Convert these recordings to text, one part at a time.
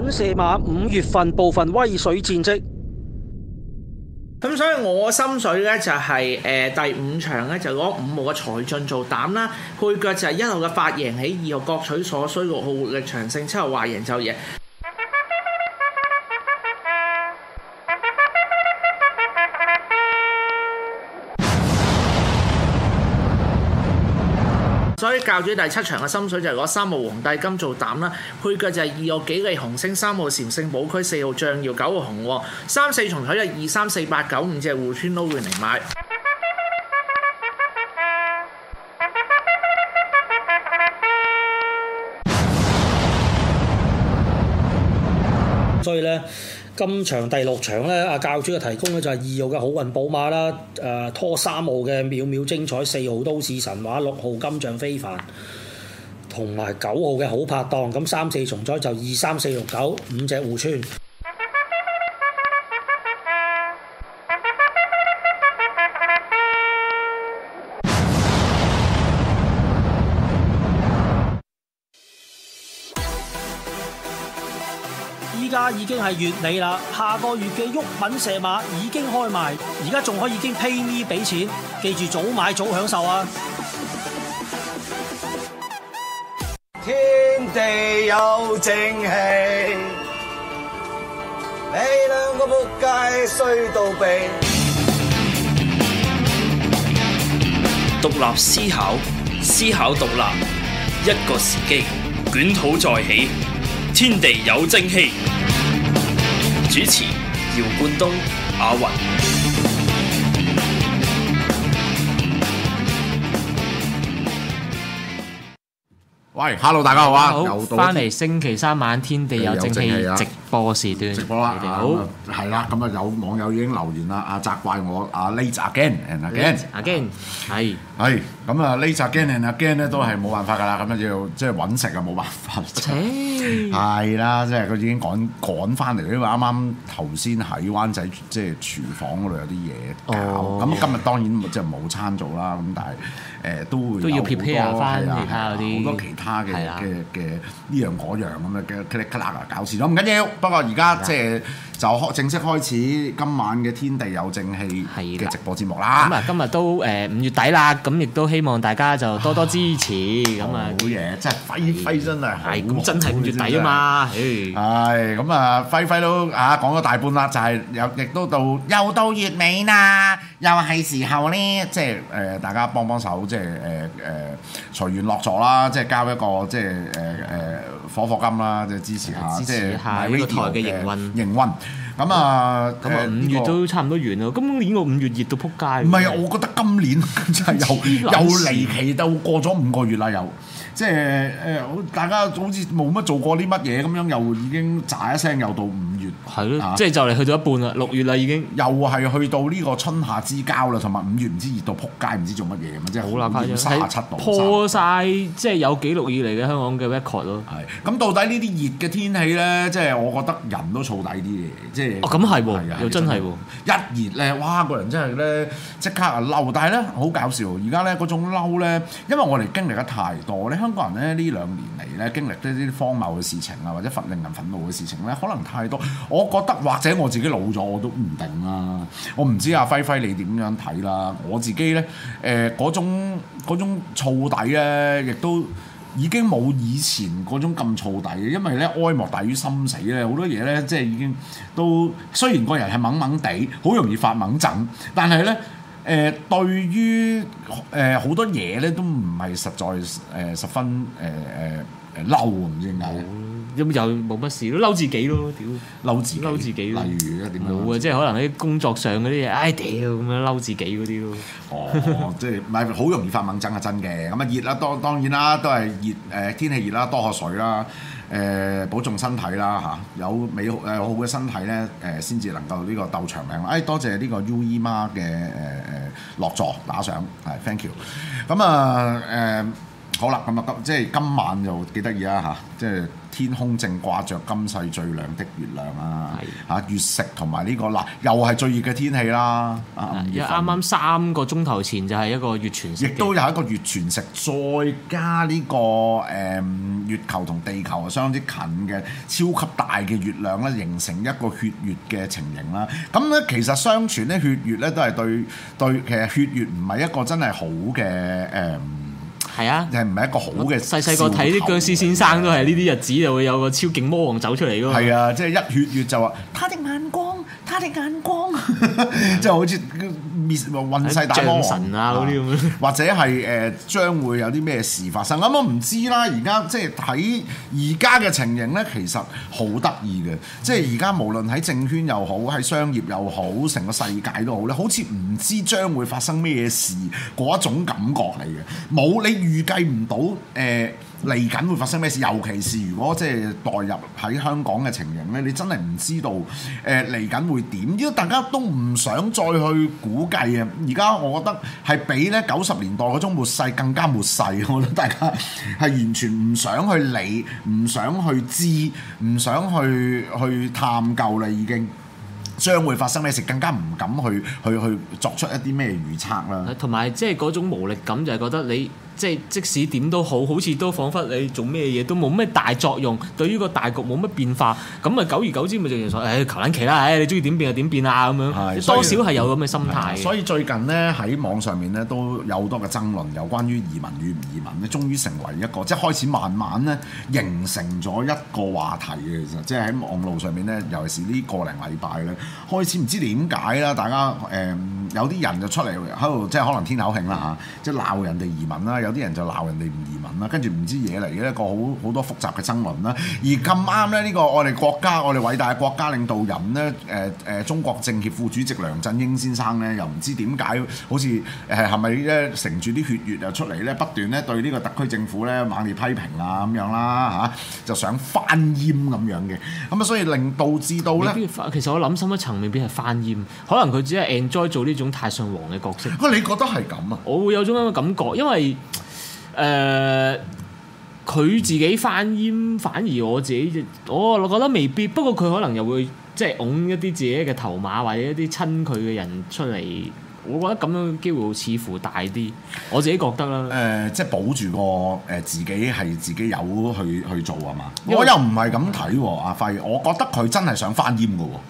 品射馬五月份部分威水戰績，咁所以我心水呢、就是，就係誒第五場呢，就攞五號嘅財進做膽啦，配腳就係一號嘅髮型，起，二號各取所需六號活力長勝，七號壞贏就贏。所以教主第七場嘅心水就係攞三號皇帝金做膽啦，配腳就係二號幾利紅星、三號禪聖寶區、四號象耀、九號，號紅，三四重彩啊，二三四八九五隻互村撈勻嚟買。所以呢。今場第六場呢，啊，教主嘅提供咧就係二號嘅好運寶馬啦，誒拖三號嘅秒秒精彩，四號都市神話，六號金像非凡，同埋九號嘅好拍檔，咁三四重彩就二三四六九五隻互串。係月尾啦，下個月嘅玉品石馬已經開賣，而家仲可以經 pay me 俾錢，記住早買早享受啊！天地有正氣，你兩個仆街衰到痹！獨立思考，思考獨立，一個時機，捲土再起，天地有正氣。主持：姚冠東、阿云。喂，Hello，大家好啊！翻嚟星期三晚，天地有正氣，直。直播時段，直播啦，好，係啦，咁啊有網友已經留言啦，啊責怪我啊 Liza Again and Again，阿堅，係，係，咁啊 Liza Again and Again 咧都係冇辦法噶啦，咁啊要即係揾食啊冇辦法，切，係啦，即係佢已經趕趕翻嚟，因為啱啱頭先喺灣仔即係廚房嗰度有啲嘢搞，咁今日當然即係冇餐做啦，咁但係誒都會都要撇皮啊，翻其他嗰啲好多其他嘅嘅嘅呢樣嗰樣咁樣嘰哩喀喇搞事咯，唔緊要。不過而家即係。就開正式開始今晚嘅天地有正氣嘅直播節目啦。咁啊，今日都誒五月底啦，咁亦都希望大家就多多支持。咁啊，冇嘢，真係輝輝真係，係咁真係五月底啊嘛。誒，咁啊、哎，輝輝都嚇講咗大半啦，就係有，亦都到又到月尾啦，又係時候咧，即係誒大家幫幫手，即係誒誒隨緣落座啦，即係交一個即係誒誒火火金啦，即係支持下，支持下呢、就是、個台嘅營運營運。咁啊，咁啊，呃、五月都差唔多完啦。呢個、今年個五月熱到撲街。唔係是，是我覺得今年真係又又離奇到過咗五個月啦，又 即係誒、呃，大家好似冇乜做過啲乜嘢咁樣，又已經咋一聲又到五。係咯，即係就嚟去到一半啦，六月啦已經，又係去到呢個春夏之交啦，同埋五月唔知熱到撲街，唔知做乜嘢咁，即係好三十七度，了度破晒，度即係有紀錄以嚟嘅香港嘅 record 咯。係。咁到底呢啲熱嘅天氣咧，即、就、係、是、我覺得人都燥底啲嘅，即、就、係、是、哦咁係喎，哦啊、的又真係喎、啊，一熱咧，哇個人真係咧即刻啊嬲！但係咧好搞笑，而家咧嗰種嬲咧，因為我哋經歷得太多咧，香港人咧呢兩年嚟咧經歷咗啲荒謬嘅事情啊，或者令人憤怒嘅事情咧，可能太多。 我覺得或者我自己老咗我都唔定啦，我唔知阿輝輝你點樣睇啦。我自己呢，誒、呃、嗰種嗰種燥底咧，亦都已經冇以前嗰種咁燥底嘅，因為呢，哀莫大於心死咧，好多嘢呢，即係已經都雖然個人係猛猛地，好容易發猛疹，但係呢，誒、呃、對於誒好、呃、多嘢呢，都唔係實在誒、呃、十分誒誒誒嬲唔知點解。咁又冇乜事咯，嬲自己咯，屌！嬲自己，嬲自己例如咧點啊？即係可能喺工作上嗰啲嘢，唉屌咁樣嬲自己嗰啲咯。哦，即係唔係好容易發猛憎係真嘅。咁、嗯、啊熱啦，當當然啦，都係熱。誒天氣熱啦，多喝水啦。誒、呃、保重身體啦吓、呃，有美好誒好嘅身體咧，誒先至能夠呢個鬥長命。唉，多謝呢個 y U 姨媽嘅誒誒落座打賞，係 Thank you、嗯。咁啊誒好啦，咁啊即係今晚就幾得意啦吓，即係。天空正掛着今世最亮的月亮啊！嚇的、啊、月食同埋呢個嗱，又係最熱嘅天氣啦！啱、啊、啱、啊、三個鐘頭前就係一個月全食，亦都有一個月全食，再加呢、這個誒、嗯、月球同地球相當之近嘅超級大嘅月亮咧，形成一個血月嘅情形啦。咁、嗯、咧其實相傳咧血月咧都係對對，其實血月唔係一個真係好嘅誒。嗯係啊，係唔係一個好嘅？細細個睇啲僵屍先生都係呢啲日子，就會有個超勁魔王走出嚟咯。係啊，即係一血月就話。啊、眼光、啊，即係 好似滅混世大魔王神啊！嗰啲吧，或者係誒、呃、將會有啲咩事發生，噉、嗯、我唔知啦。而家即係睇而家嘅情形呢，其實好得意嘅，即係而家無論喺政圈又好，喺商業又好，成個世界都好咧，好似唔知將會發生咩事嗰一種感覺嚟嘅。冇你預計唔到誒。呃嚟緊會發生咩事？尤其是如果即係代入喺香港嘅情形咧，你真係唔知道誒嚟緊會點。因為大家都唔想再去估計啊！而家我覺得係比呢九十年代嗰種末世更加末世。我覺得大家係完全唔想去理、唔想去知、唔想去去探究啦，已經將會發生咩事，更加唔敢去去去作出一啲咩預測啦。同埋即係嗰種無力感，就係覺得你。即係即使點都好，好似都仿佛你做咩嘢都冇咩大作用，對於個大局冇乜變化，咁咪久而久之咪就係所謂，誒，求其啦，誒，你中意點變就點變啊，咁樣，多少係有咁嘅心態。所以最近呢，喺網上面咧都有好多嘅爭論，有關於移民與唔移民咧，終於成為一個即係開始慢慢咧形成咗一個話題嘅，其實即係喺網路上面咧，尤其是呢個零禮拜咧，開始唔知點解啦，大家誒。呃有啲人就出嚟喺度，即係可能天口慶啦吓，即係鬧人哋移民啦。有啲人就鬧人哋唔移民啦。跟住唔知惹嚟嘅一個好好多複雜嘅爭論啦。而咁啱咧，呢個我哋國家，我哋偉大嘅國家領導人咧，誒誒中國政協副主席梁振英先生咧，又唔知點解好似誒係咪咧乘住啲血月又出嚟咧，不斷咧對呢個特區政府咧猛烈批評啊咁樣啦吓，就想翻閹咁樣嘅。咁啊，所以令導致到咧，其實我諗深一層未必係翻閹，可能佢只係 enjoy 做呢種。太上皇嘅角色，哇、啊！你覺得係咁啊？我會有種咁嘅感覺，因為誒，佢、呃、自己翻煙，反而我自己，我覺得未必。不過佢可能又會即係拱一啲自己嘅頭馬，或者一啲親佢嘅人出嚟，我覺得咁樣嘅機會似乎大啲。我自己覺得啦，誒、呃，即係保住個誒自己係自己有去去做啊嘛？為我又唔係咁睇阿輝，的啊、我覺得佢真係想翻煙噶、啊。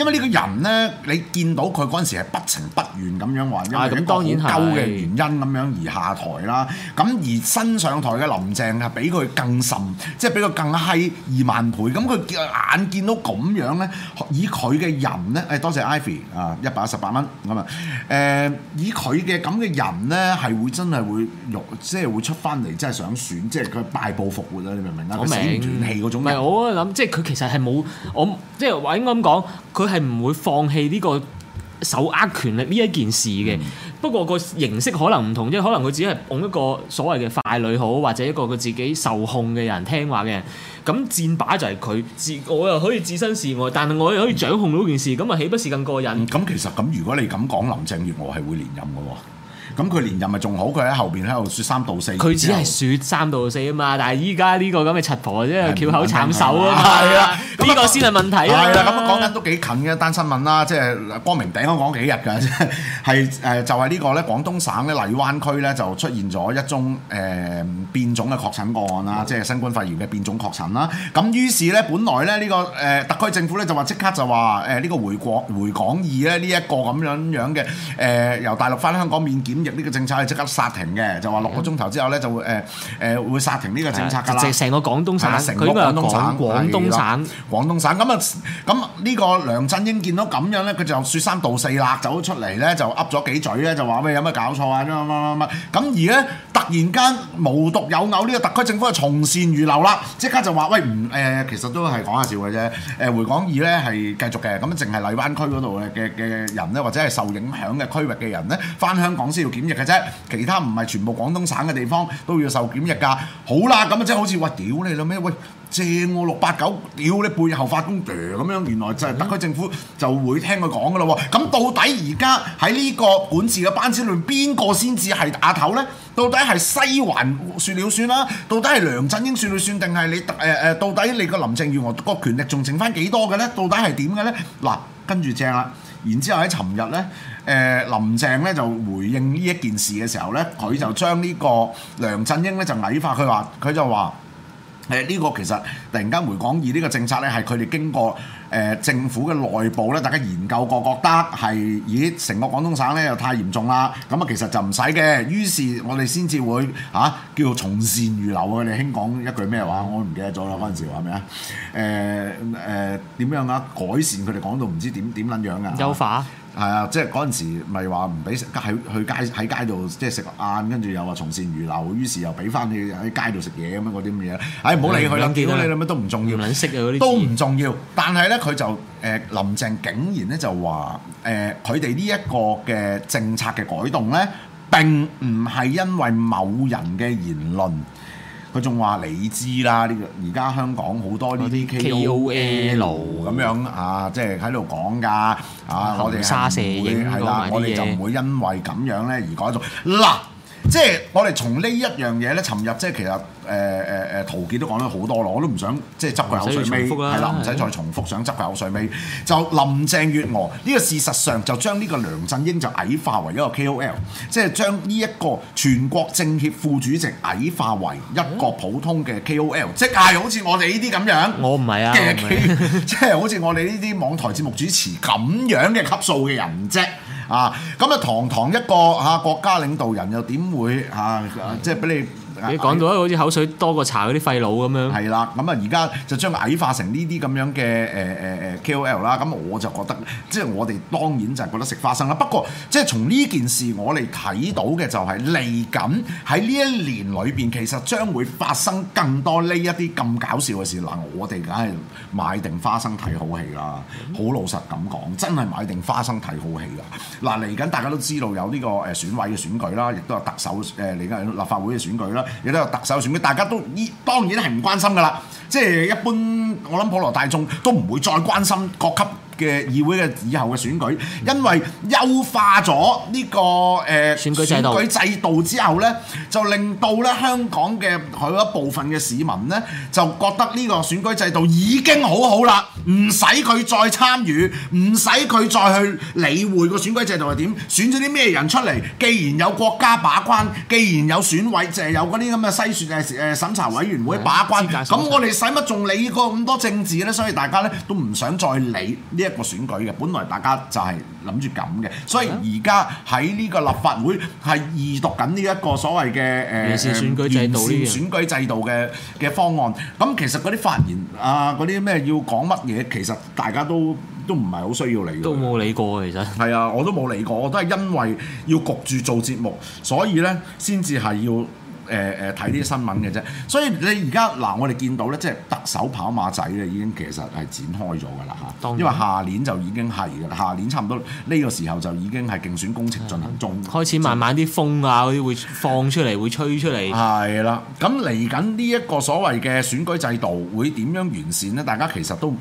因為呢個人呢，你見到佢嗰陣時係不情不願咁樣話，因為咁當然係嘅原因咁樣而下台啦。咁、啊、而新上台嘅林鄭係比佢更甚，即係比佢更閪二萬倍。咁佢眼見到咁樣呢，以佢嘅人呢，誒多謝 Ivy 啊，一百一十八蚊咁啊。誒以佢嘅咁嘅人呢，係會真係會即係會出翻嚟，真係想選，即係佢敗部復活啦。你明唔明啊？我明佢死唔斷氣嗰種唔係我諗，即係佢其實係冇我，即係話應該咁講佢。係唔會放棄呢個手握權力呢一件事嘅，嗯、不過個形式可能唔同，即係可能佢只係捧一個所謂嘅傀儡好，或者一個佢自己受控嘅人聽話嘅，咁戰把就係佢自，我又可以置身事外，但係我又可以掌控到件事，咁啊豈不是更過癮？咁、嗯、其實咁，如果你咁講林鄭月娥係會連任嘅、哦。咁佢連任咪仲好？佢喺後邊喺度説三道四。佢只係説三道四啊嘛！但係依家呢個咁嘅柒婆真係翹口撐手啊嘛！呢個先係問題，啊。係啦、啊，咁講緊都幾近嘅一單新聞啦，即係光明頂都講幾日㗎，係 誒就係呢個咧廣東省咧荔灣區咧就出現咗一宗誒、呃、變種嘅確診個案啦，即係新冠肺炎嘅變種確診啦。咁於是咧，本來咧、這、呢個誒特區政府咧就話即刻就話誒呢個回國回港易咧呢一個咁樣樣嘅誒由大陸翻香港面檢。呢個政策係即刻殺停嘅，就話六個鐘頭之後咧就會誒誒、呃、會殺停呢個政策㗎啦。就成、是、個廣東省，成個廣東省，廣東省，廣東省。咁啊的，咁呢的、這個梁振英見到咁樣咧，佢就説三道四啦，走咗出嚟咧就噏咗幾嘴咧，就話喂，有咩搞錯啊？乜乜乜乜咁而咧，突然間無獨有偶，呢、這個特區政府就從善如流啦，即刻就話喂唔誒、呃呃，其實都係講下笑嘅啫。誒回港易咧係繼續嘅，咁淨係荔灣區嗰度嘅嘅人咧，或者係受影響嘅區域嘅人咧，翻香港先。檢疫嘅啫，其他唔係全部廣東省嘅地方都要受檢疫㗎。好啦，咁即係好似話屌你老咩？喂，正我、啊、六八九，屌你背後發功。嗲、呃、咁樣，原來就係特區政府就會聽佢講嘅咯喎。咁到底而家喺呢個本次嘅班子裏邊，邊個先至係打頭呢？到底係西環說了算啦、啊，到底係梁振英說了算定係你？誒、呃、誒，到底你個林鄭月娥個權力仲剩翻幾多嘅呢？到底係點嘅呢？嗱，跟住正啦、啊。然之後喺尋日呢，誒、呃、林鄭咧就回應呢一件事嘅時候呢，佢就將呢個梁振英呢就矮化，佢話佢就話誒呢個其實突然間回港易呢個政策呢，係佢哋經過。誒、呃、政府嘅內部咧，大家研究過覺得係，咦成個廣東省咧又太嚴重啦，咁啊其實就唔使嘅。於是我，我哋先至會嚇叫做從善如流啊！你兄講一句咩話，我唔記得咗啦。嗰陣時話咩啊？誒誒點樣啊？改善佢哋講到唔知點點撚樣啊？樣優化。係啊，即係嗰陣時咪話唔俾食喺去街喺街度即係食晏，跟住又話從善如流，於是又俾翻你喺街度食嘢咁樣嗰啲咁嘢。唉，唔好理佢，見到你諗乜都唔重要，你啲都唔重要。啊、但係咧，佢就誒林鄭竟然咧就話誒佢哋呢一個嘅政策嘅改動咧，並唔係因為某人嘅言論。佢仲話你知啦，呢個而家香港好多呢啲 K, K O L 咁樣啊，即係喺度講噶啊，我哋沙唔會係啦，啊、我哋就唔會因為咁樣咧而改做嗱。啊即係我哋從呢一樣嘢咧，尋日即係其實誒誒誒，陶傑都講咗好多咯，我都唔想即係執佢口水尾，係啦，唔使再重複、啊，重複想執佢口水尾。 就林鄭月娥呢個事實上，就將呢個梁振英就矮化為一個 K O L，即係將呢一個全國政協副主席矮化為一個普通嘅 K O L，嗯、即係好似我哋呢啲咁樣，我唔係啊，即係 K，即係 好似我哋呢啲網台節目主持咁樣嘅級數嘅人啫。啊！咁啊，堂堂一個啊，國家領導人又，又點會啊？即係俾你？你講到好似口水多過茶嗰啲廢老咁樣。係啦，咁啊而家就將矮化成呢啲咁樣嘅誒誒誒 K O L 啦。咁我就覺得，即係我哋當然就係覺得食花生啦。不過，即係從呢件事我哋睇到嘅就係嚟緊喺呢一年裏邊，其實將會發生更多呢一啲咁搞笑嘅事。嗱，我哋梗係買定花生睇好戲啦。好老實咁講，真係買定花生睇好戲啦。嗱，嚟緊大家都知道有呢個誒選委嘅選舉啦，亦都有特首誒嚟緊立法會嘅選舉啦。亦都有特首選舉，咁大家都依當然係唔關心㗎啦。即係一般，我諗普羅大眾都唔會再關心各級嘅議會嘅以後嘅選舉，因為優化咗呢個、這個誒、呃、選舉制度，制度之後咧，就令到咧香港嘅佢一部分嘅市民咧，就覺得呢個選舉制度已經好好啦，唔使佢再參與，唔使佢再去理會個選舉制度係點，選咗啲咩人出嚟。既然有國家把關，既然有選委，就係、是、有嗰啲咁嘅篩選嘅誒審查委員會把關，咁我哋使乜仲理過咁多政治咧？所以大家咧都唔想再理個選舉嘅，本來大家就係諗住咁嘅，所以而家喺呢個立法會係二讀緊呢一個所謂嘅誒完善選舉制度嘅嘅、呃、方案。咁其實嗰啲發言啊，嗰啲咩要講乜嘢，其實大家都都唔係好需要理。都冇理過其實。係啊，我都冇理過，我都係因為要焗住做節目，所以呢先至係要。誒誒睇啲新聞嘅啫，所以你而家嗱，我哋見到呢，即係特首跑馬仔咧，已經其實係展開咗㗎啦嚇，然因為下年就已經係啦，下年差唔多呢個時候就已經係競選工程進行中，開始慢慢啲風啊嗰啲會放出嚟，會吹出嚟。係啦，咁嚟緊呢一個所謂嘅選舉制度會點樣完善呢？大家其實都。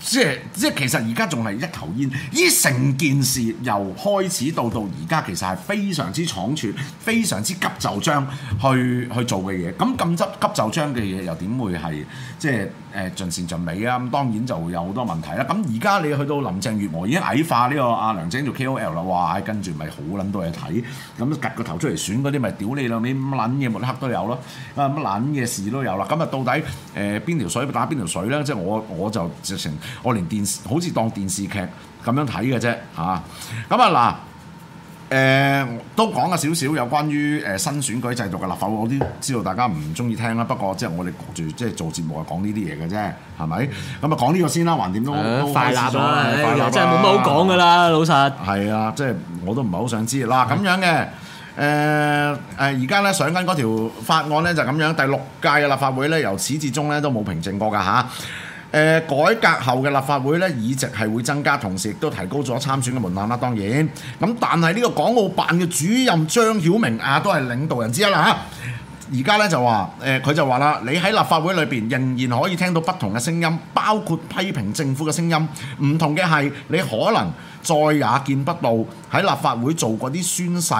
即係即係，其實而家仲係一頭煙。呢成件事由開始到到而家，其實係非常之倉促、非常之急就章去去做嘅嘢。咁咁急急就章嘅嘢，又點會係即係？誒盡善盡美啊！咁當然就會有好多問題啦。咁而家你去到林鄭月娥已經矮化呢、呢個阿、啊、梁姐做 K O L 啦，哇！跟住咪好撚多嘢睇，咁擳個頭出嚟選嗰啲咪屌你兩面撚嘢，抹黑都有咯。啊乜撚嘢事都有啦。咁啊到底誒邊、呃、條水打邊條水咧？即係我我就直情，我連電視好似當電視劇咁樣睇嘅啫吓，咁啊嗱。誒、呃、都講咗少少有關於誒、呃、新選舉制度嘅立法會，我都知道大家唔中意聽啦。不過即係我哋焗住即係做節目係講呢啲嘢嘅啫，係咪？咁啊講呢個先啦，橫掂都，啊、都快攬咗，又、啊哎、真係冇乜好講噶啦，啊、老實。係啊，即係我都唔係好想知。嗱咁樣嘅誒誒，而家咧上緊嗰條法案咧就咁、是、樣，第六屆嘅立法會咧由始至終咧都冇平靜過㗎嚇。啊呃、改革後嘅立法會呢，議席係會增加，同時亦都提高咗參選嘅門檻啦。當然，咁但係呢個港澳辦嘅主任張曉明啊，都係領導人之一啦。嚇，而家呢，就話，誒佢就話啦，你喺立法會裏邊仍然可以聽到不同嘅聲音，包括批評政府嘅聲音。唔同嘅係，你可能再也見不到喺立法會做過啲宣誓、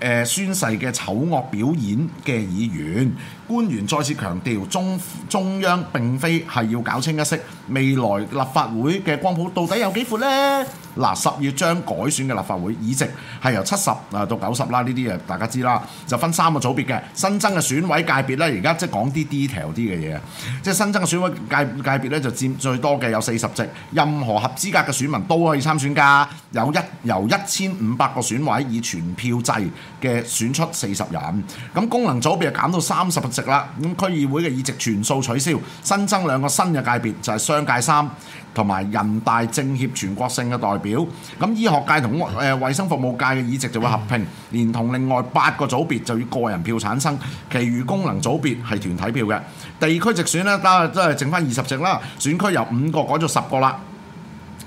呃、宣誓嘅醜惡表演嘅議員。官員再次強調，中中央並非係要搞清一色，未來立法會嘅光譜到底有幾闊呢？嗱，十月將改選嘅立法會議席係由七十啊到九十啦，呢啲啊大家知啦，就分三個組別嘅新增嘅選委界別咧，而家即係講啲 detail 啲嘅嘢，即係新增嘅選委界界別咧，就佔最多嘅有四十席，任何合資格嘅選民都可以參選㗎，有由一千五百個選委以全票制嘅選出四十人，咁功能組別就減到三十。咁區議會嘅議席全數取消，新增兩個新嘅界別，就係商界三同埋人大政協全國性嘅代表。咁醫學界同誒衞生服務界嘅議席就會合併，連同另外八個組別就以個人票產生，其餘功能組別係團體票嘅。地區直選咧，都係都係剩翻二十席啦，選區由五個改咗十個啦。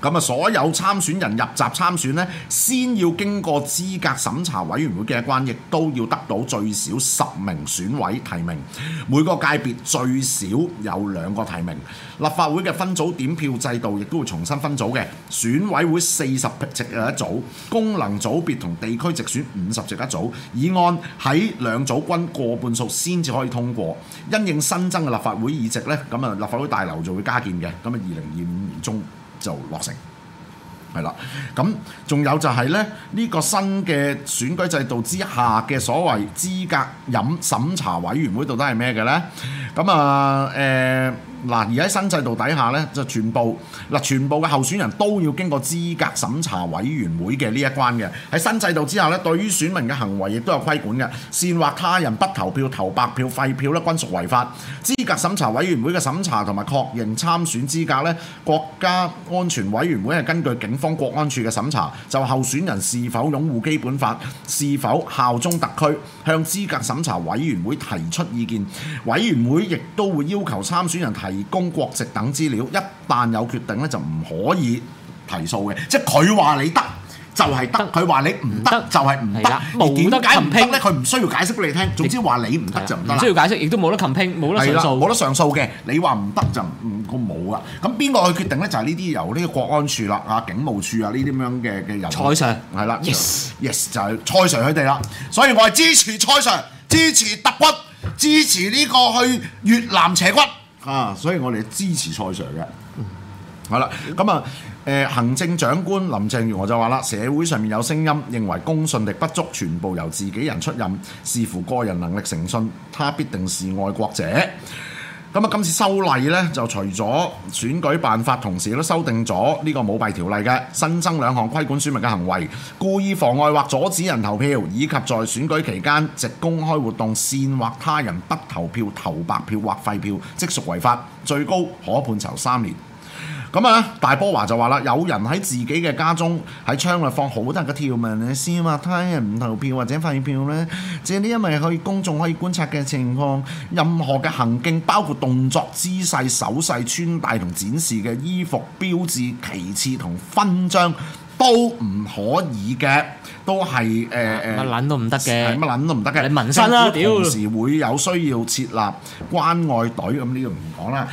咁啊，所有參選人入閘參選咧，先要經過資格審查委員會嘅關，亦都要得到最少十名選委提名。每個界別最少有兩個提名。立法會嘅分組點票制度亦都會重新分組嘅。選委會四十席啊，一組功能組別同地區直選五十席一組，議案喺兩組均過半數先至可以通過。因應新增嘅立法會議席咧，咁啊，立法會大樓就會加建嘅。咁啊，二零二五年中就落成，係啦。咁仲有就係呢，呢、呢個新嘅選舉制度之下嘅所謂資格審審查委員會到底係咩嘅呢？咁啊誒。呃嗱，而喺新制度底下咧，就全部嗱，全部嘅候選人都要經過資格審查委員會嘅呢一關嘅。喺新制度之下咧，對於選民嘅行為亦都有規管嘅，煽惑他人不投票、投白票、廢票咧，均屬違法。資格審查委員會嘅審查同埋確認參選資格咧，國家安全委員會係根據警方國安處嘅審查，就是、候選人是否擁護基本法、是否效忠特區，向資格審查委員會提出意見。委員會亦都會要求參選人提。提供國籍等資料，一旦有決定咧，就唔可以提訴嘅。即係佢話你得就係、是、得，佢話你唔得就係唔得。冇得解唔得咧，佢唔的需要解釋俾你聽。總之話你唔得就唔得的唔需要解釋，亦都冇得冇得上訴嘅。你話唔得就唔我冇㗎。咁邊個去決定咧？就係呢啲由呢個國安處啦、啊警務處啊呢啲咁樣嘅嘅人。蔡 Sir 係啦了，Yes Yes 就係蔡 Sir 佢哋啦。所以我係支持蔡 Sir，支持揼骨，支持呢個去越南扯骨。啊！所以我哋支持蔡 Sir 嘅。嗯、好啦，咁、嗯、啊，行政長官林鄭月娥就話啦：社會上面有聲音認為公信力不足，全部由自己人出任，視乎個人能力誠信，他必定是愛國者。今次修例咧，就除咗選舉辦法，同時都修訂咗呢個舞弊條例嘅新增兩項規管選民嘅行為：故意妨礙或阻止人投票，以及在選舉期間藉公開活動煽惑他人不投票、投白票或廢票，即屬違法，最高可判囚三年。咁啊，大波華就話啦，有人喺自己嘅家中喺窗裏放好多人嘅條紋嘅絲襪，攤，人唔投票或者廢票咧，即係呢因為喺公眾可以觀察嘅情況，任何嘅行徑，包括動作、姿勢、手勢、穿戴同展示嘅衣服、標誌、旗幟同勳章，都唔可以嘅，都係誒誒，乜、呃、撚都唔得嘅，係乜撚都唔得嘅。你民生啊，同時會有需要設立關愛隊，咁呢個唔講啦。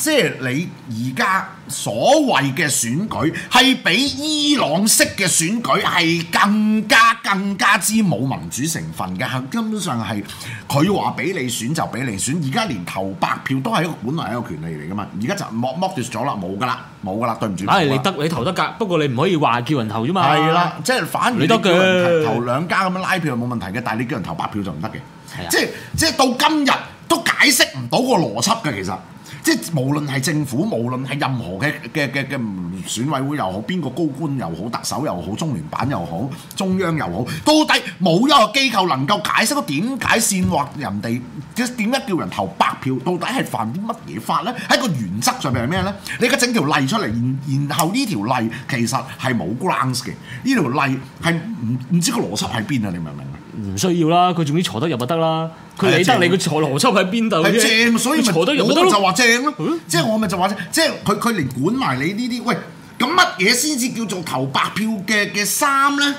即係你而家所謂嘅選舉係比伊朗式嘅選舉係更加更加之冇民主成分嘅，係根本上係佢話俾你選就俾你選。而家連投白票都係一個本來係一個權利嚟噶嘛，而家就剝剝奪咗啦，冇噶啦，冇噶啦，對唔住。梗係、啊、你得你投得噶，不過你唔可以話叫人投啫嘛。係啦，即係反而你都叫人投兩家咁樣拉票係冇問題嘅，但係你叫人投白票就唔得嘅。係啊的，即係即係到今日都解釋唔到個邏輯嘅其實。即係無論係政府，無論係任何嘅嘅嘅嘅選委會又好，邊個高官又好，特首又好，中聯辦又好，中央又好，到底冇一個機構能夠解釋到點解煽惑人哋，點解叫人投白票？到底係犯啲乜嘢法咧？喺個原則上面係咩咧？你而家整條例出嚟，然然後呢條例其實係冇 grounds 嘅，呢條例係唔唔知個邏輯喺邊啊？你明唔明啊？唔需要啦，佢仲要坐得入就得啦。佢理得你，佢坐羅差唔喺邊度？正，啊啊正啊，所以咪坐得入就得，我就話正咯、啊嗯。即係我咪就話啫，即係佢佢連管埋你呢啲。喂，咁乜嘢先至叫做投白票嘅嘅衫咧？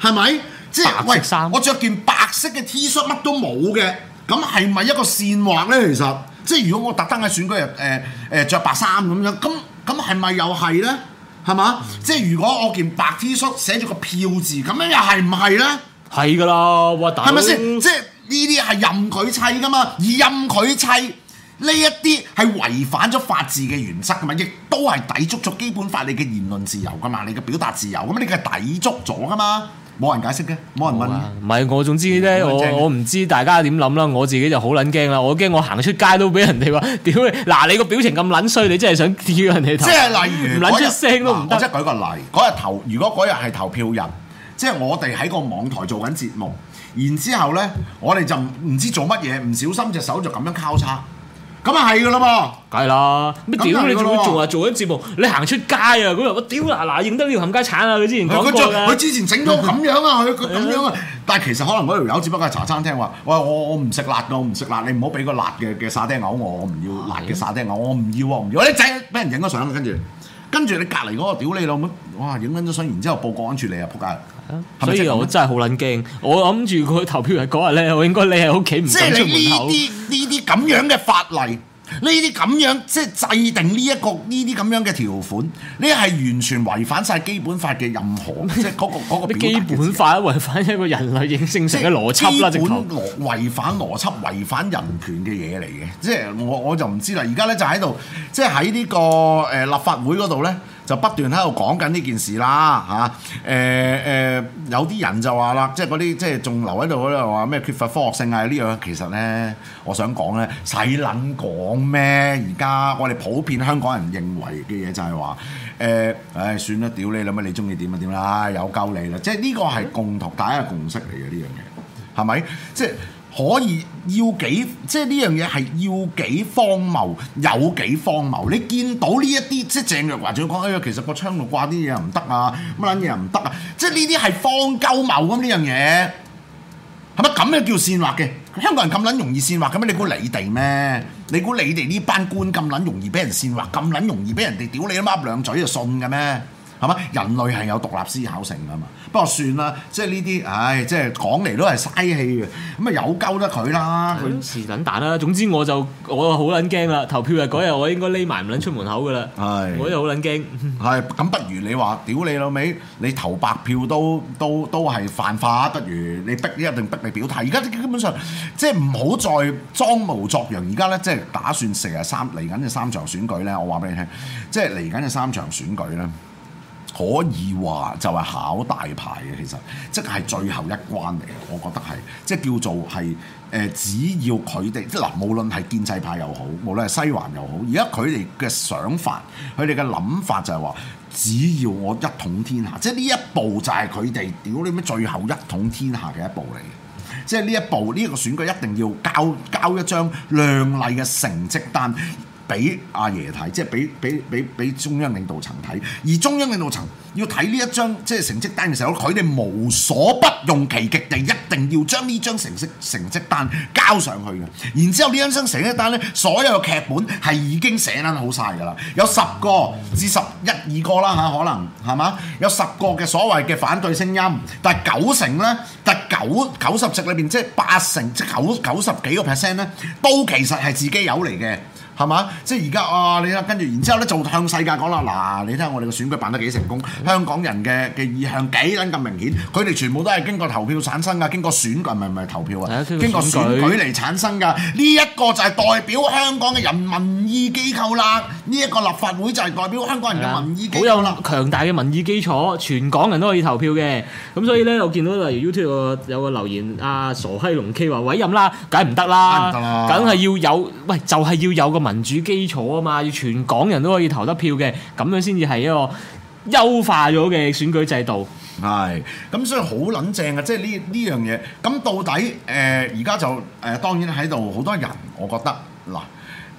係咪？即係喂，我着件白色嘅 T 恤，乜都冇嘅，咁係咪一個線畫咧？其實，即係如果我特登喺選舉日誒誒著白衫咁樣，咁咁係咪又係咧？係嘛？嗯、即係如果我件白 T 恤寫咗個票字，咁樣又係唔係咧？係噶啦，係咪先？即係呢啲係任佢砌噶嘛，而任佢砌呢一啲係違反咗法治嘅原則噶嘛，亦都係抵觸咗基本法你嘅言論自由噶嘛，你嘅表達自由，咁你梗係抵觸咗噶嘛，冇人解釋嘅，冇人問嘅。唔係我總之咧，我唔知大家點諗啦，我自己就好撚驚啦，我驚我行出街都俾人哋話，屌？嗱你個表情咁撚衰，你真係想屌人哋頭？即係例如不 天，唔撚出聲都唔得、啊。即係舉個例，嗰日投，如果嗰日係投票人。即係我哋喺個網台做緊節目，然之後咧，我哋就唔知做乜嘢，唔小心隻手就咁樣交叉，咁啊係噶啦嘛，梗係啦。乜屌你做啊做緊節目，你行出街啊咁啊，我屌嗱嗱認得了冚家鏟啊！佢之前佢之前整到咁樣啊，佢佢咁樣啊。但係其實可能嗰條友只不過係茶餐廳話：喂，我我唔食辣㗎，我唔食辣，辣，你唔好俾個辣嘅嘅沙爹牛，我，我唔要辣嘅沙爹牛，我唔要啊，唔要，我要你仔俾人影我相。跟住。跟住你隔離嗰個屌你老母，哇影緊張相，然之後報告安住你啊，撲街！所以我，我真係好撚驚，我諗住佢投票日嗰日咧，我應該匿喺屋企唔出門口。即係你呢啲呢啲咁樣嘅法例。呢啲咁樣即係制定呢、這、一個呢啲咁樣嘅條款，呢係完全違反晒基本法嘅任何 即係、那、嗰個、那個、基本法違反一個人類應性嘅邏輯啦，直頭。違反邏輯，違反人權嘅嘢嚟嘅，即係我我就唔知啦。而家咧就喺度，即係喺呢個誒立法會嗰度咧。就不斷喺度講緊呢件事啦嚇，誒、啊、誒、呃呃、有啲人就話啦，即係嗰啲即係仲留喺度嗰度話咩缺乏科學性啊呢樣、這個，其實咧我想講咧，使撚講咩？而家我哋普遍香港人認為嘅嘢就係話誒誒，算啦，屌你諗乜你中意點啊點啦，有鳩你啦，即係呢個係共同大家嘅共識嚟嘅呢樣嘢，係、這、咪、個？即係。可以要幾即係呢樣嘢係要幾荒謬，有幾荒謬？你見到呢一啲即係鄭若驊仲要講，哎呀，其實個窗度掛啲嘢唔得啊，乜撚嘢又唔得啊？即係呢啲係荒鳩謬咁呢樣嘢，係咪咁樣叫煽惑嘅？香港人咁撚容易煽惑嘅咩？你估你哋咩？你估你哋呢班官咁撚容易俾人煽惑？咁撚容易俾人哋屌你啊媽兩嘴就信嘅咩？人類係有獨立思考性㗎嘛？不過算啦，即係呢啲，唉，即係講嚟都係嘥氣嘅。咁啊，有鳩得佢啦，佢是撚但啦。總之我就我好撚驚啦！投票日嗰日我應該匿埋唔撚出門口㗎啦。係唉，我就好撚驚。係咁，不如你話屌你老味，你投白票都都都係犯法，不如你逼你一定逼你表態。而家基本上即係唔好再裝模作樣。而家咧，即係打算成日三嚟緊嘅三場選舉咧，我話俾你聽，即係嚟緊嘅三場選舉咧。可以話就係考大牌嘅，其實即係最後一關嚟嘅，我覺得係即係叫做係誒，只要佢哋即嗱，無論係建制派又好，無論係西環又好，而家佢哋嘅想法，佢哋嘅諗法就係話，只要我一統天下，即係呢一步就係佢哋屌你咩最後一統天下嘅一步嚟嘅，即係呢一步呢個選舉一定要交交一張亮麗嘅成績單。俾阿爺睇，即係俾俾俾中央領導層睇，而中央領導層要睇呢一張即係成績單嘅時候，佢哋無所不用其極，就一定要將呢張成績成績單交上去嘅。然之後呢張成成績單呢，所有嘅劇本係已經寫得好晒㗎啦，有十個至十一二個啦嚇，可能係嘛？有十個嘅所謂嘅反對聲音，但係九成呢，但係九九十席裏邊，即係八成即九九十幾個 percent 呢，都其實係自己有嚟嘅。係嘛？即係而家啊！你睇，跟住然之後咧，就向世界講啦。嗱，你睇下我哋個選舉辦得幾成功，香港人嘅嘅意向幾撚咁明顯。佢哋全部都係經過投票產生㗎，經過選舉唔係唔係投票啊，經過選舉嚟產生㗎。呢一個就係代表香港嘅人民意機構啦。呢一個立法會就係代表香港人嘅民意機構。好有啦，強大嘅民意基礎，全港人都可以投票嘅。咁所以咧，我見到例如 YouTube 有個留言，阿傻閪龍 K 話委任啦，梗係唔得啦，梗係要有，喂，就係要有個。民主基礎啊嘛，要全港人都可以投得票嘅，咁樣先至係一個優化咗嘅選舉制度。係，咁所以好撚正嘅，即係呢呢樣嘢。咁到底誒而家就誒、呃、當然喺度好多人，我覺得嗱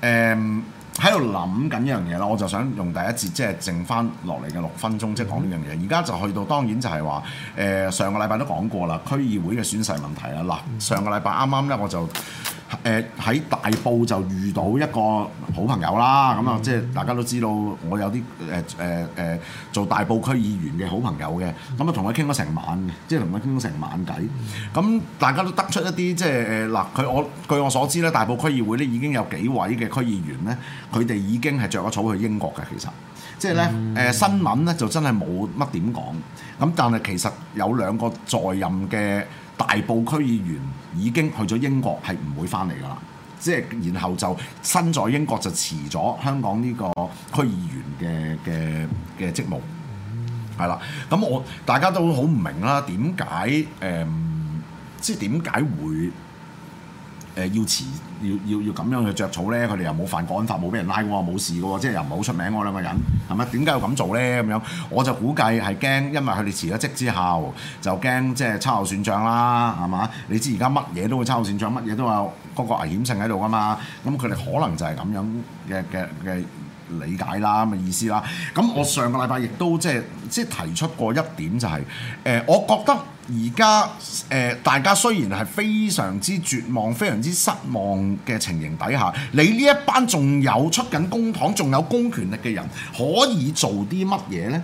誒喺度諗緊一樣嘢啦。我就想用第一節即係剩翻落嚟嘅六分鐘，即係講呢樣嘢。而家就，就去到當然就係話誒上個禮拜都講過啦，區議會嘅選勢問題啊嗱，上個禮拜啱啱咧我就。嗯誒喺大埔就遇到一個好朋友啦，咁啊、嗯，即係大家都知道，我有啲誒誒誒做大埔區議員嘅好朋友嘅，咁啊同佢傾咗成晚嘅，即係同佢傾咗成晚偈。咁、嗯、大家都得出一啲即係誒嗱，佢、呃、我據我所知咧，大埔區議會咧已經有幾位嘅區議員咧，佢哋已經係着咗草去英國嘅，其實即係咧誒新聞咧就真係冇乜點講。咁但係其實有兩個在任嘅。大埔區議員已經去咗英國，係唔會返嚟㗎喇，即係然後就身在英國就辭咗香港呢個區議員嘅嘅嘅職務，係啦。咁我大家都好唔明啦，點解誒？即係點解會？誒、呃、要辭要要要咁樣去着草咧，佢哋又冇犯國安法，冇俾人拉喎，冇事嘅，即係又唔係好出名嗰兩個人，係咪？點解要咁做咧？咁樣我就估計係驚，因為佢哋辭咗職之後，就驚即係秋後算賬啦，係嘛？你知而家乜嘢都會秋後算賬，乜嘢都有嗰個危險性喺度啊嘛，咁佢哋可能就係咁樣嘅嘅嘅。理解啦，咁嘅意思啦，咁我上個禮拜亦都即係即係提出過一點就係、是，誒、呃，我覺得而家誒大家雖然係非常之絕望、非常之失望嘅情形底下，你呢一班仲有出緊公堂、仲有公權力嘅人，可以做啲乜嘢呢？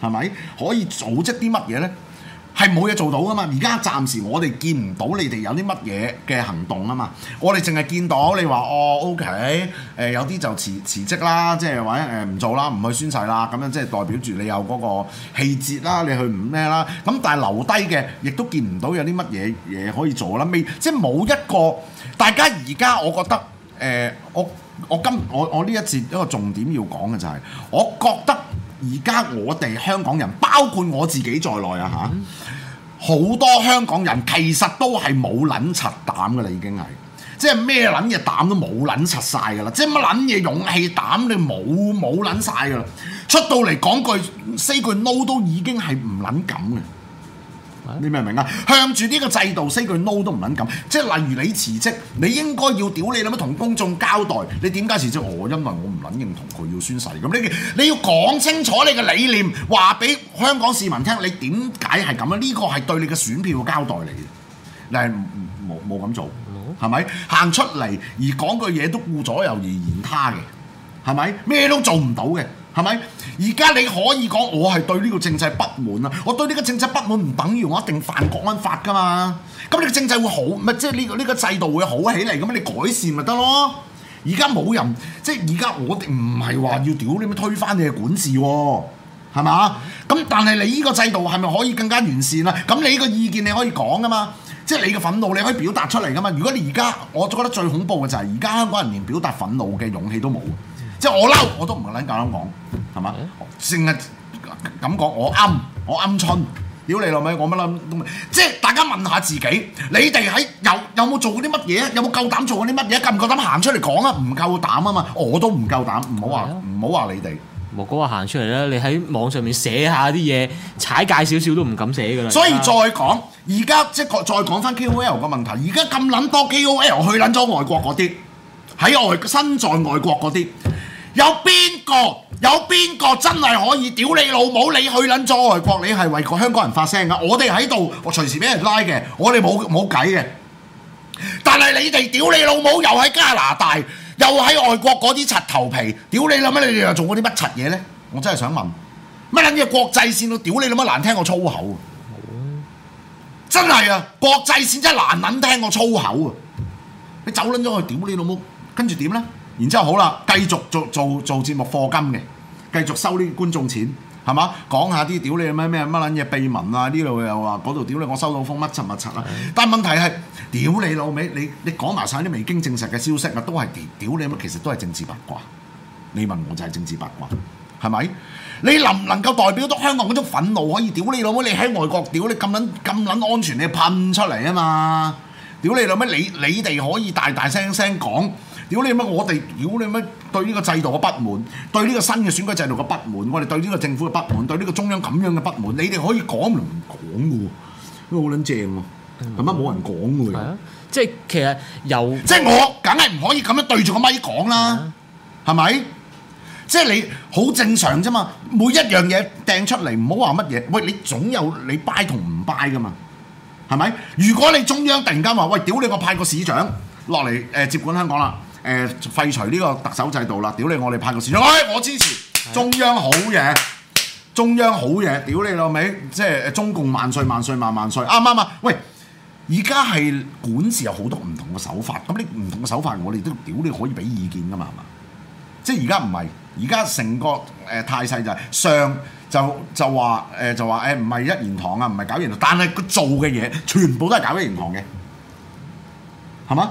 係咪可以組織啲乜嘢呢？係冇嘢做到㗎嘛？而家暫時我哋見唔到你哋有啲乜嘢嘅行動吖嘛！我哋淨係見到你話哦，OK，誒、呃、有啲就辭辭職啦，即係或者誒唔做啦，唔去宣誓啦，咁樣即係代表住你有嗰個氣節啦，你去唔咩啦？咁但係留低嘅，亦都見唔到有啲乜嘢嘢可以做啦。未即係冇一個，大家而家我覺得誒、呃，我我今我我呢一節一個重點要講嘅就係、是，我覺得。而家我哋香港人，包括我自己在內啊嚇，好多香港人其實都係冇撚柒膽㗎啦，已經係，即係咩撚嘢膽都冇撚柒晒㗎啦，即係乜撚嘢勇氣膽你冇冇撚晒㗎啦，出到嚟講句 say 句 no 都已經係唔撚敢㗎。你明唔明啊？向住呢個制度 say 句 no 都唔撚咁，即係例如你辭職，你應該要屌你諗乜同公眾交代，你點解辭職？我因為我唔撚認同佢要宣誓，咁你你要講清楚你嘅理念，話俾香港市民聽，你點解係咁樣？呢個係對你嘅選票交代嚟嘅，你係冇冇咁做，係咪行出嚟而講句嘢都顧左右而言他嘅，係咪咩都做唔到嘅？係咪？而家你可以講我係對呢個政制不滿啊！我對呢個政制不滿唔等於我一定犯國安法㗎嘛？咁你個政制會好咪，即係呢個呢個制度會好起嚟嘅，咁你改善咪得咯？而家冇人，即係而家我哋唔係話要屌你咩推翻你嘅管治喎，啊？係咪？咁但係你呢個制度係咪可以更加完善啊？咁你呢個意見你可以講㗎嘛？即係你嘅憤怒你可以表達出嚟㗎嘛？如果你而家我覺得最恐怖嘅就係而家香港人連表達憤怒嘅勇氣都冇。即係我嬲，我都唔撚夠膽講，係嘛？成日咁講，我啱，我啱春，屌你老味，我乜撚都咪。即係大家問下自己，你哋喺有有冇做過啲乜嘢啊？有冇夠膽做過啲乜嘢？夠唔夠膽行出嚟講啊？唔夠膽啊嘛，我都唔夠膽。唔好話唔好話你哋，莫哥話行出嚟啦。你喺網上面寫下啲嘢，踩界少少都唔敢寫㗎啦。所以再講，而家即係再講翻 KOL 嘅問題，而家咁撚多 KOL 去撚咗外國嗰啲，喺外身在外國嗰啲。有邊個有邊個真係可以屌你老母？你去撚咗外國，你係為個香港人發聲㗎。我哋喺度，我隨時俾人拉嘅，我哋冇冇計嘅。但係你哋屌你老母，又喺加拿大，又喺外國嗰啲柒頭皮，屌你老母你哋又做嗰啲乜柒嘢咧？我真係想問，乜撚嘢國際線都屌你老母難聽過粗口啊！嗯、真係啊，國際線真係難撚聽過粗口啊！你走撚咗去屌你老母，跟住點咧？然之後好啦，繼續做做做節目課金嘅，繼續收呢啲觀眾錢，係嘛？講下啲屌你乜咩乜撚嘢秘聞啊？呢度又話嗰度屌你，我收到封乜柒乜柒啦！但問題係，屌你老味，你你講埋晒啲未經證實嘅消息，咪都係屌你乜，其實都係政治八卦。你問我就係政治八卦，係咪？你能唔能夠代表到香港嗰種憤怒，可以屌你老母，你喺外國屌你咁撚咁撚安全，你噴出嚟啊嘛！屌你老母，你你哋可以大大聲聲講。屌你乜！我哋屌你乜！對呢個制度嘅不滿，對呢個新嘅選舉制度嘅不滿，我哋對呢個政府嘅不滿，對呢個中央咁樣嘅不滿，你哋可以講唔講嘅喎？因為好撚正喎，點解冇人講嘅？係啊？即係其實有。即係我梗係唔可以咁樣對住個咪講啦，係咪，啊？即係、就是、你好正常啫嘛，每一樣嘢掟出嚟唔好話乜嘢。喂，你總有你拜同唔拜㗎嘛，係咪？如果你中央突然間話喂，屌你個派個市長落嚟誒接管香港啦！誒廢除呢個特首制度啦！屌你，我哋派個選舉的、哎，我支持 中央好嘢，中央好嘢，屌你老味，即係中共萬歲萬歲萬萬歲啱嘛嘛？喂，而家係管治有好多唔同嘅手法，咁呢唔同嘅手法，我哋都屌你可以俾意見㗎嘛嘛，即係而家唔係，而家成個誒態勢就係、是、上就就話誒、呃、就話誒唔係一言堂啊，唔係搞完，但係佢做嘅嘢全部都係搞一言堂嘅，係嘛？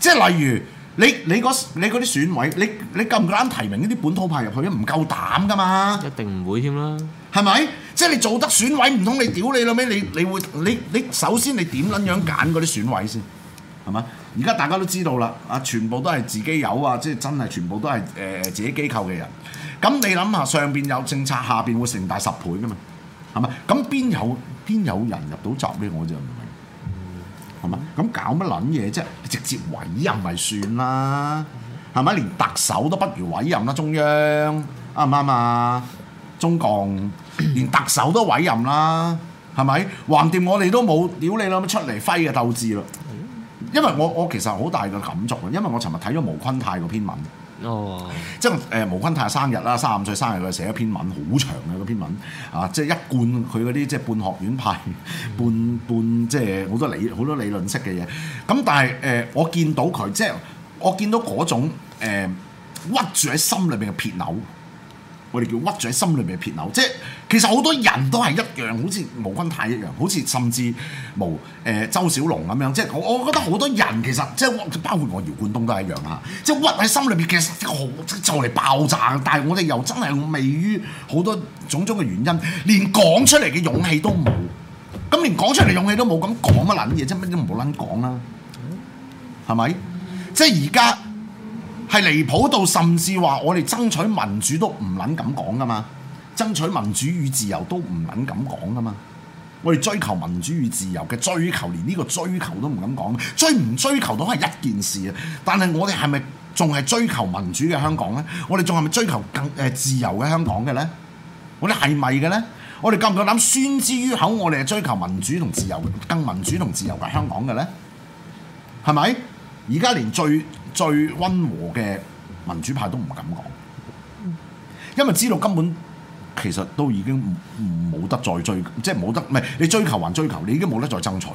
即係例如。你你嗰你啲選委，你你夠唔夠膽提名呢啲本土派入去啊？唔夠膽噶嘛！一定唔會添啦，係咪？即係你做得選委，唔通你屌你老味？你你會你你首先你點撚樣揀嗰啲選委先係嘛？而家大家都知道啦，啊，全部都係自己有啊，即係真係全部都係誒自己機構嘅人。咁你諗下，上邊有政策，下邊會成大十倍噶嘛？係咪？咁邊有邊有人入到閘呢？我就～係嘛？咁搞乜撚嘢啫？直接委任咪算啦？係咪？連特首都不如委任啦，中央啱唔啱啊？中共連特首都委任啦，係咪？橫掂我哋都冇屌你啦，咁出嚟揮嘅鬥志啦。因為我我其實好大嘅感觸啊，因為我尋日睇咗毛坤泰嗰篇文。哦，oh. 即係誒、呃、毛坤太生日啦，三十五歲生日，佢寫一篇文好長嘅篇文啊，即係一貫佢嗰啲即係半學院派、mm. 半半即係好多理好多理論式嘅嘢。咁但係誒、呃，我見到佢即係我見到嗰種、呃、屈住喺心裏邊嘅撇扭。我哋叫屈咗喺心裏面嘅撇扭，即係其實好多人都係一樣，好似毛君太一樣，好似甚至無誒、呃、周小龍咁樣。即係我我覺得好多人其實即係包括我姚冠東都係一樣啊，即係屈喺心裏面，其實好就嚟爆炸。但係我哋又真係未於好多種種嘅原因，連講出嚟嘅勇氣都冇。咁連講出嚟勇氣都冇，咁講乜撚嘢？即係乜都冇撚講啦，係咪？即係而家。係離譜到，甚至話我哋爭取民主都唔撚咁講㗎嘛，爭取民主與自由都唔撚咁講㗎嘛。我哋追求民主與自由嘅追求，連呢個追求都唔敢講，追唔追求都係一件事啊！但係我哋係咪仲係追求民主嘅香港呢？我哋仲係咪追求更誒、呃、自由嘅香港嘅呢？我哋係咪嘅呢？我哋夠唔夠膽宣之於口？我哋係追求民主同自由，更民主同自由嘅香港嘅呢？係咪？而家連最最溫和嘅民主派都唔敢講，因為知道根本其實都已經冇得再追，即係冇得唔係你追求還追求，你已經冇得再爭取，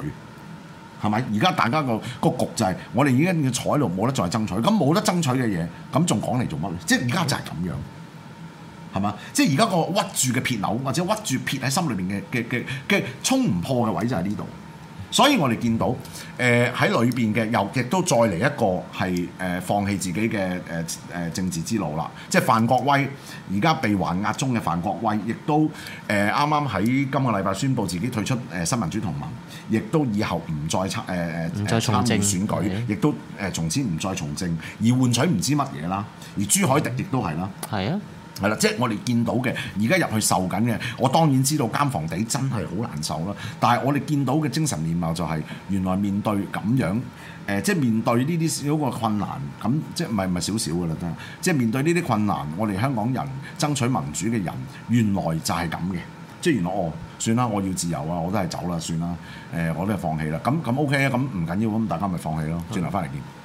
係咪？而家大家個個局就係我哋已經坐喺度，冇得再爭取。咁冇得爭取嘅嘢，咁仲講嚟做乜？即係而家就係咁樣，係嘛？即係而家個屈住嘅撇口，或者屈住撇喺心裏邊嘅嘅嘅嘅衝唔破嘅位就喺呢度。所以我哋見到，誒喺裏邊嘅又亦都再嚟一個係誒、呃、放棄自己嘅誒誒政治之路啦，即係范國威，而家被還押中嘅范國威，亦都誒啱啱喺今個禮拜宣布自己退出誒新民主同盟，亦都以後唔再、呃、再參政，參誒誒參選舉，亦都誒、呃、從此唔再從政，而換取唔知乜嘢啦，而朱凱廸亦都係啦。係、嗯、啊。係啦，即係、就是、我哋見到嘅，而家入去受緊嘅，我當然知道監房度真係好難受啦。但係我哋見到嘅精神面貌就係、是，原來面對咁樣，誒、呃，即係面對呢啲少個困難，咁即係唔係唔係少少㗎啦。即係面對呢啲困難，我哋香港人爭取民主嘅人，原來就係咁嘅。即係原來哦，算啦，我要自由啊，我都係走啦，算啦。誒、呃，我都係放棄啦。咁咁 OK 啊，咁唔緊要，咁大家咪放棄咯。轉頭返嚟見。嗯